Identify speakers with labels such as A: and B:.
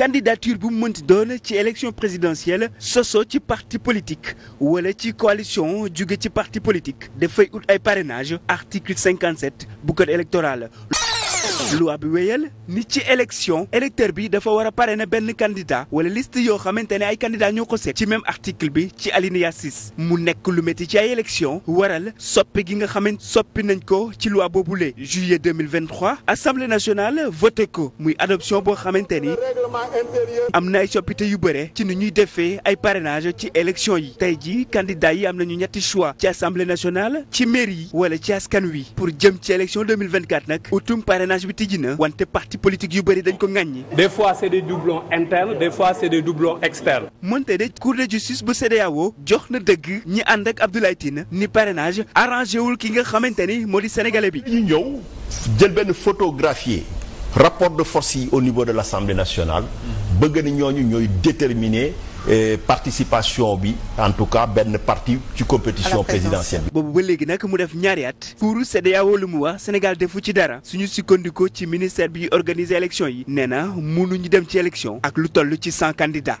A: candidature bu mu mënti doon ci élection présidentielle soso ci parti politique wala ci coalition jóge ci parti politique dafay ut ay parrainage article 57 bu code électoral loi bi wéyal ni ci élection électeur bi dafa war a parrainer benn candidat wala liste yoo xamante ne ay candidat ñoo ko seet ci même article bi ci alinéa mu nekk lu metti ci ay élection waral soppi gi nga xamante soppi nañ ko ci loi boobule juillet 2023 assemblée nationale voté ko muy adoption boo xamante ni am na ay soppite yu bëre ci ni ñuy defee ay parrainage ci élection yi tey ji candidat yi am nañu ñetti choix ci assemblée nationale ci mairie wala ci askan wi pour jëm ci élection 2024 nag utum parrainage bi tijji na wante parti politique yu bëri dañ ko ŋàññi. des fois c'est des doublons des fois c'est des doublons externes. moonte de cour de justice bu CEDEAO jox na dëgg ñi ànd ak Abdoulaye Tine ni parrainage arrangé wul ki nga xamante
B: ni moo di sénégalais bi. ñu ñëw jël benn photographier rapport de force yi au niveau de l'Assemblée nationale bëgg na ñooñu ñooy déterminer. participation bi en tout cas benn parti ci compétition présidentielle
A: boobu ba léegi nag mu def ñaari at. kuuru CEDEAO lu mu wax Sénégal defu ci dara suñu sukkandikoo ci ministère bi organiser élection yi nee na mënuñu dem ci élection ak lu tollu ci cent candidats.